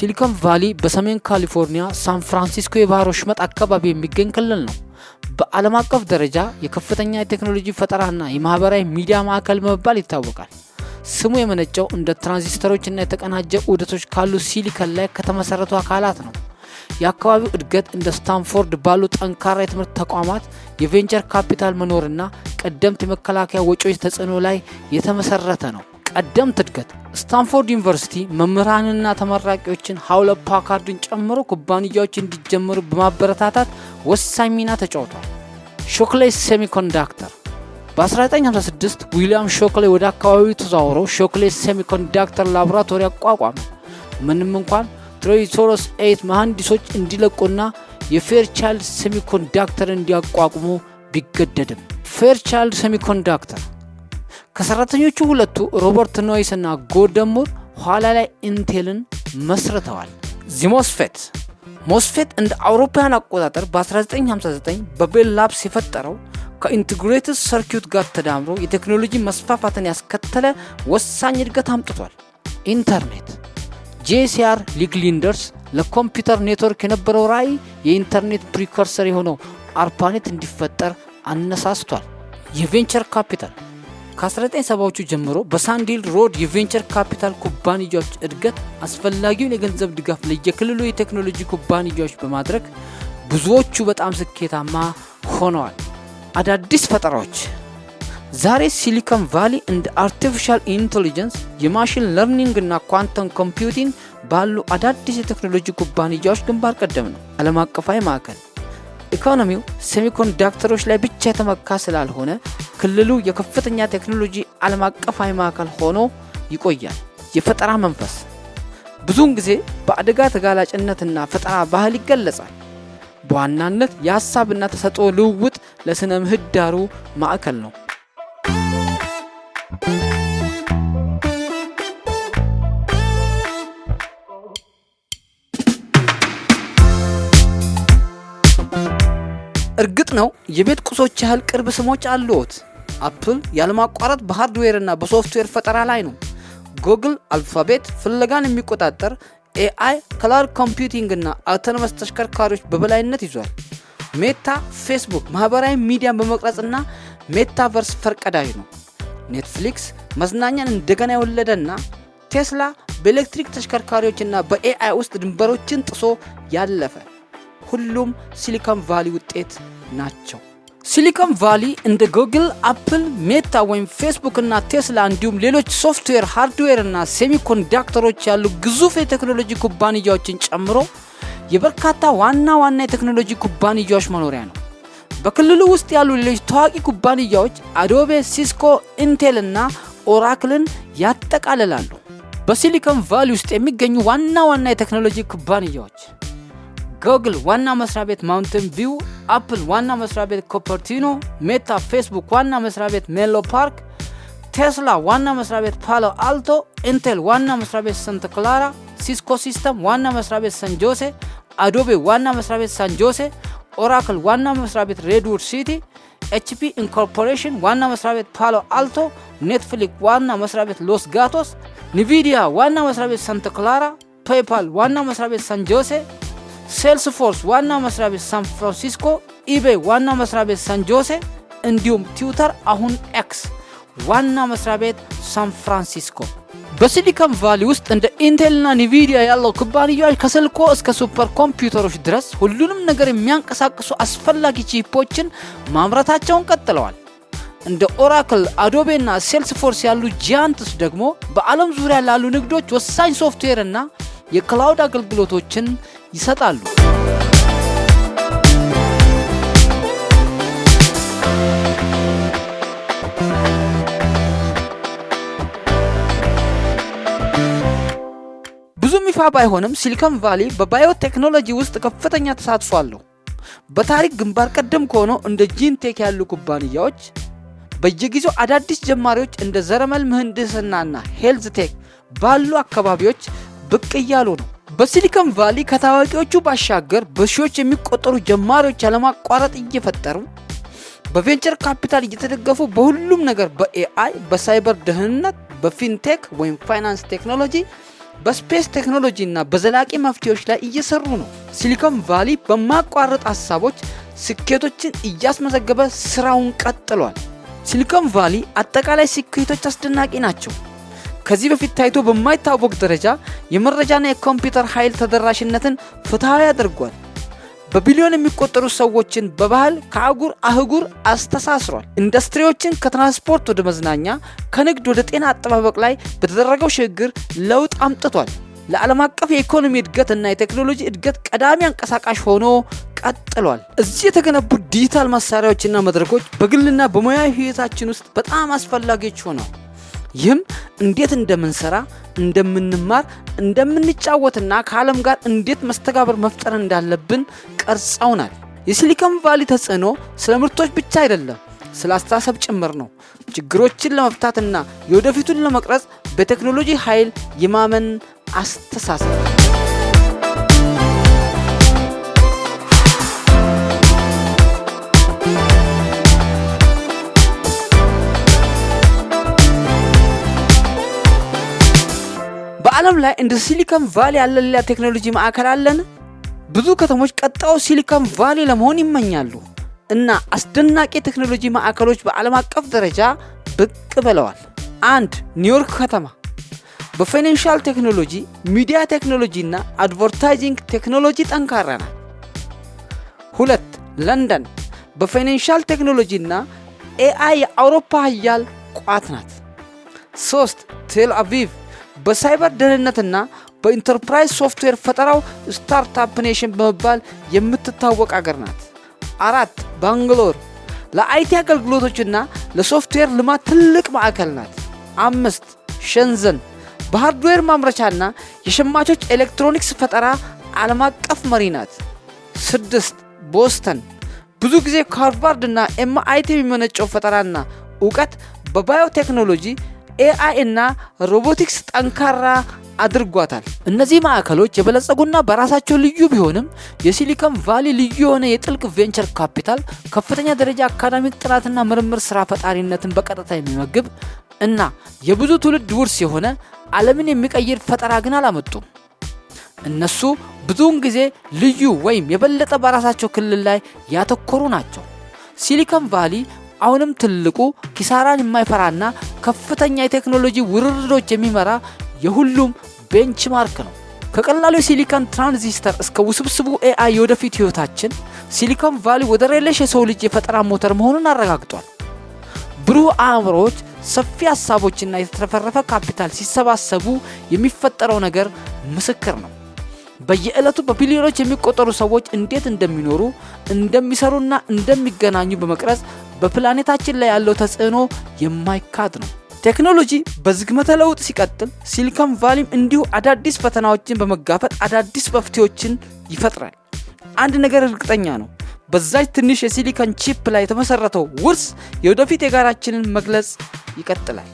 ሲሊኮን ቫሊ በሰሜን ካሊፎርኒያ ሳን ፍራንሲስኮ የባህር ወሽመጥ አካባቢ የሚገኝ ክልል ነው። በዓለም አቀፍ ደረጃ የከፍተኛ የቴክኖሎጂ ፈጠራና የማህበራዊ ሚዲያ ማዕከል በመባል ይታወቃል። ስሙ የመነጨው እንደ ትራንዚስተሮችና የተቀናጀ ውህደቶች ካሉ ሲሊከን ላይ ከተመሰረቱ አካላት ነው። የአካባቢው እድገት እንደ ስታንፎርድ ባሉ ጠንካራ የትምህርት ተቋማት የቬንቸር ካፒታል መኖርና ቀደምት የመከላከያ ወጪዎች ተጽዕኖ ላይ የተመሰረተ ነው። ቀደምት እድገት ስታንፎርድ ዩኒቨርሲቲ መምህራንና ተመራቂዎችን ሀውለ ፓካርድን ጨምሮ ኩባንያዎች እንዲጀምሩ በማበረታታት ወሳኝ ሚና ተጫውቷል። ሾክሌ ሴሚኮንዳክተር በ1956 ዊሊያም ሾክሌ ወደ አካባቢው ተዛውሮ ሾክሌ ሴሚኮንዳክተር ላቦራቶሪ አቋቋመ። ምንም እንኳን ትሮይሶሮስ ኤት መሐንዲሶች እንዲለቁና የፌርቻይልድ ሴሚኮንዳክተር እንዲያቋቁሙ ቢገደድም ፌርቻይልድ ሴሚኮንዳክተር ከሰራተኞቹ ሁለቱ ሮበርት ኖይስ እና ጎደሙር ኋላ ላይ ኢንቴልን መስርተዋል። ዚሞስፌት ሞስፌት እንደ አውሮፓውያን አቆጣጠር በ1959 በቤል ላፕስ የፈጠረው ከኢንትግሬትድ ሰርኪዩት ጋር ተዳምሮ የቴክኖሎጂ መስፋፋትን ያስከተለ ወሳኝ እድገት አምጥቷል። ኢንተርኔት ጄሲአር ሊግሊንደርስ ለኮምፒውተር ኔትወርክ የነበረው ራዕይ የኢንተርኔት ፕሪኮርሰር የሆነው አርፓኔት እንዲፈጠር አነሳስቷል። የቬንቸር ካፒታል ከ1970ዎቹ ጀምሮ በሳንዲል ሮድ የቬንቸር ካፒታል ኩባንያዎች እድገት አስፈላጊውን የገንዘብ ድጋፍ ለየክልሉ የቴክኖሎጂ ኩባንያዎች በማድረግ ብዙዎቹ በጣም ስኬታማ ሆነዋል። አዳዲስ ፈጠራዎች ዛሬ ሲሊኮን ቫሊ እንደ አርቲፊሻል ኢንቴሊጀንስ የማሽን ለርኒንግ እና ኳንተም ኮምፒውቲንግ ባሉ አዳዲስ የቴክኖሎጂ ኩባንያዎች ግንባር ቀደም ነው። ዓለም አቀፋዊ ማዕከል ኢኮኖሚው ሴሚኮንዳክተሮች ላይ ብቻ የተመካ ስላልሆነ ክልሉ የከፍተኛ ቴክኖሎጂ ዓለም አቀፋዊ ማዕከል ሆኖ ይቆያል። የፈጠራ መንፈስ ብዙውን ጊዜ በአደጋ ተጋላጭነትና ፈጠራ ባህል ይገለጻል። በዋናነት የሀሳብና ተሰጥኦ ልውውጥ ለሥነ ምህዳሩ ማዕከል ነው። ነው የቤት ቁሶች ያህል ቅርብ ስሞች አሉት። አፕል ያለማቋረጥ በሃርድዌር እና በሶፍትዌር ፈጠራ ላይ ነው። ጉግል አልፋቤት ፍለጋን የሚቆጣጠር ኤአይ፣ ክላውድ ኮምፒውቲንግ እና አውቶኖመስ ተሽከርካሪዎች በበላይነት ይዟል። ሜታ ፌስቡክ ማህበራዊ ሚዲያን በመቅረጽ እና ሜታቨርስ ፈርቀዳጅ ነው። ኔትፍሊክስ መዝናኛን እንደገና የወለደ ቴስላ በኤሌክትሪክ ተሽከርካሪዎች በኤአይ ውስጥ ድንበሮችን ጥሶ ያለፈ ሁሉም ሲሊኮን ቫሊ ውጤት ናቸው። ሲሊኮን ቫሊ እንደ ጎግል፣ አፕል፣ ሜታ ወይም ፌስቡክ እና ቴስላ እንዲሁም ሌሎች ሶፍትዌር፣ ሃርድዌር እና ሴሚኮንዳክተሮች ያሉ ግዙፍ የቴክኖሎጂ ኩባንያዎችን ጨምሮ የበርካታ ዋና ዋና የቴክኖሎጂ ኩባንያዎች መኖሪያ ነው። በክልሉ ውስጥ ያሉ ሌሎች ታዋቂ ኩባንያዎች አዶቤ፣ ሲስኮ፣ ኢንቴል እና ኦራክልን ያጠቃልላሉ። በሲሊኮን ቫሊ ውስጥ የሚገኙ ዋና ዋና የቴክኖሎጂ ኩባንያዎች ጎግል ዋና መስሪያ ቤት ማውንትን ቪው፣ አፕል ዋና መስሪያ ቤት ኮፐርቲኖ፣ ሜታ ፌስቡክ ዋና መስሪያ ቤት ሜሎ ፓርክ፣ ቴስላ ዋና መስሪያ ቤት ፓሎ አልቶ፣ ኢንቴል ዋና መስሪያ ቤት ሰንት ክላራ፣ ሲስኮ ሲስተም ዋና መስሪያ ቤት ሰን ጆሴ፣ አዶቤ ዋና መስሪያ ቤት ሳን ጆሴ፣ ኦራክል ዋና መስሪያ ቤት ሬድውድ ሲቲ፣ ኤችፒ ኢንኮርፖሬሽን ዋና መስሪያ ቤት ፓሎ አልቶ፣ ኔትፍሊክስ ዋና መስሪያ ቤት ሎስ ጋቶስ፣ ኒቪዲያ ዋና መስሪያ ቤት ሰንት ክላራ፣ ፔይፓል ዋና መስሪያ ቤት ሳን ጆሴ ሴልስ ፎርስ ዋና መስሪያ ቤት ሳን ፍራንሲስኮ፣ ኢቤይ ዋና መስሪያ ቤት ሳን ጆሴ እንዲሁም ትዊተር አሁን ኤክስ ዋና መስሪያ ቤት ሳን ፍራንሲስኮ። በሲሊከን ቫሊ ውስጥ እንደ ኢንቴልና ኒቪዲያ ያለው ኩባንያዎች ከስልኮ እስከ ሱፐር ኮምፒውተሮች ድረስ ሁሉንም ነገር የሚያንቀሳቅሱ አስፈላጊ ቺፖችን ማምረታቸውን ቀጥለዋል። እንደ ኦራክል፣ አዶቤ እና ሴልስ ፎርስ ያሉ ጂያንትስ ደግሞ በዓለም ዙሪያ ላሉ ንግዶች ወሳኝ ሶፍትዌር እና የክላውድ አገልግሎቶችን ይሰጣሉ። ብዙም ይፋ ባይሆንም ሲሊኮን ቫሊ በባዮቴክኖሎጂ ውስጥ ከፍተኛ ተሳትፎ አለው። በታሪክ ግንባር ቀደም ከሆነው እንደ ጂንቴክ ያሉ ኩባንያዎች በየጊዜው አዳዲስ ጀማሪዎች እንደ ዘረመል ምህንድስናና ሄልዝ ቴክ ባሉ አካባቢዎች ብቅ እያሉ ነው። በሲሊኮን ቫሊ ከታዋቂዎቹ ባሻገር በሺዎች የሚቆጠሩ ጀማሪዎች ያለማቋረጥ እየፈጠሩ በቬንቸር ካፒታል እየተደገፉ በሁሉም ነገር በኤአይ፣ በሳይበር ደህንነት፣ በፊንቴክ ወይም ፋይናንስ ቴክኖሎጂ፣ በስፔስ ቴክኖሎጂ እና በዘላቂ መፍትሄዎች ላይ እየሰሩ ነው። ሲሊኮን ቫሊ በማቋረጥ ሀሳቦች ስኬቶችን እያስመዘገበ ስራውን ቀጥሏል። ሲሊኮን ቫሊ አጠቃላይ ስኬቶች አስደናቂ ናቸው። ከዚህ በፊት ታይቶ በማይታወቅ ደረጃ የመረጃና የኮምፒውተር ኃይል ተደራሽነትን ፍትሐዊ አድርጓል። በቢሊዮን የሚቆጠሩ ሰዎችን በባህል ከአህጉር አህጉር አስተሳስሯል። ኢንዱስትሪዎችን ከትራንስፖርት ወደ መዝናኛ፣ ከንግድ ወደ ጤና አጠባበቅ ላይ በተደረገው ሽግግር ለውጥ አምጥቷል። ለዓለም አቀፍ የኢኮኖሚ እድገት እና የቴክኖሎጂ እድገት ቀዳሚ አንቀሳቃሽ ሆኖ ቀጥሏል። እዚህ የተገነቡ ዲጂታል መሳሪያዎችና መድረኮች በግልና በሙያዊ ህይወታችን ውስጥ በጣም አስፈላጊዎች ሆነዋል። ይህም እንዴት እንደምንሰራ እንደምንማር፣ እንደምንጫወትና ከዓለም ጋር እንዴት መስተጋበር መፍጠር እንዳለብን ቀርጸውናል። የሲሊኮን ቫሊ ተጽዕኖ ስለ ምርቶች ብቻ አይደለም፣ ስለ አስተሳሰብ ጭምር ነው። ችግሮችን ለመፍታትና የወደፊቱን ለመቅረጽ በቴክኖሎጂ ኃይል የማመን አስተሳሰብ ዓለም ላይ እንደ ሲሊኮን ቫሊ ያለ ሌላ ቴክኖሎጂ ማዕከል አለን? ብዙ ከተሞች ቀጣው ሲሊኮን ቫሊ ለመሆን ይመኛሉ እና አስደናቂ ቴክኖሎጂ ማዕከሎች በዓለም አቀፍ ደረጃ ብቅ ብለዋል። አንድ ኒውዮርክ ከተማ በፋይናንሻል ቴክኖሎጂ፣ ሚዲያ ቴክኖሎጂ እና አድቨርታይዚንግ ቴክኖሎጂ ጠንካራ ናት። ሁለት ለንደን በፋይናንሻል ቴክኖሎጂ እና ኤአይ የአውሮፓ ሀያል ቋት ናት። ሶስት ቴል አቪቭ በሳይበር ደህንነትና በኢንተርፕራይዝ ሶፍትዌር ፈጠራው ስታርታፕ ኔሽን በመባል የምትታወቅ አገር ናት። አራት ባንግሎር ለአይቲ አገልግሎቶችና ለሶፍትዌር ልማት ትልቅ ማዕከል ናት። አምስት ሸንዘን በሃርድዌር ማምረቻና የሸማቾች ኤሌክትሮኒክስ ፈጠራ ዓለም አቀፍ መሪ ናት። ስድስት ቦስተን ብዙ ጊዜ ከሃርቫርድ እና ኤምአይቲ የሚመነጨው ፈጠራና እውቀት በባዮቴክኖሎጂ ኤአይ እና ሮቦቲክስ ጠንካራ አድርጓታል። እነዚህ ማዕከሎች የበለጸጉና በራሳቸው ልዩ ቢሆንም የሲሊኮን ቫሊ ልዩ የሆነ የጥልቅ ቬንቸር ካፒታል ከፍተኛ ደረጃ አካዳሚክ ጥናትና ምርምር ስራ ፈጣሪነትን በቀጥታ የሚመግብ እና የብዙ ትውልድ ውርስ የሆነ ዓለምን የሚቀይር ፈጠራ ግን አላመጡም። እነሱ ብዙውን ጊዜ ልዩ ወይም የበለጠ በራሳቸው ክልል ላይ ያተኮሩ ናቸው። ሲሊኮን ቫሊ አሁንም ትልቁ ኪሳራን የማይፈራና ከፍተኛ የቴክኖሎጂ ውርርዶች የሚመራ የሁሉም ቤንችማርክ ነው። ከቀላሉ የሲሊካን ትራንዚስተር እስከ ውስብስቡ ኤአይ የወደፊት ህይወታችን ሲሊኮን ቫሊ ወደ ሌለሽ የሰው ልጅ የፈጠራ ሞተር መሆኑን አረጋግጧል። ብሩህ አእምሮዎች፣ ሰፊ ሀሳቦችና የተትረፈረፈ ካፒታል ሲሰባሰቡ የሚፈጠረው ነገር ምስክር ነው። በየዕለቱ በቢሊዮኖች የሚቆጠሩ ሰዎች እንዴት እንደሚኖሩ እንደሚሰሩና እንደሚገናኙ በመቅረጽ በፕላኔታችን ላይ ያለው ተጽዕኖ የማይካድ ነው። ቴክኖሎጂ በዝግመተ ለውጥ ሲቀጥል ሲሊኮን ቫሊም እንዲሁ አዳዲስ ፈተናዎችን በመጋፈጥ አዳዲስ መፍትሄዎችን ይፈጥራል። አንድ ነገር እርግጠኛ ነው፣ በዛች ትንሽ የሲሊኮን ቺፕ ላይ የተመሰረተው ውርስ የወደፊት የጋራችንን መግለጽ ይቀጥላል።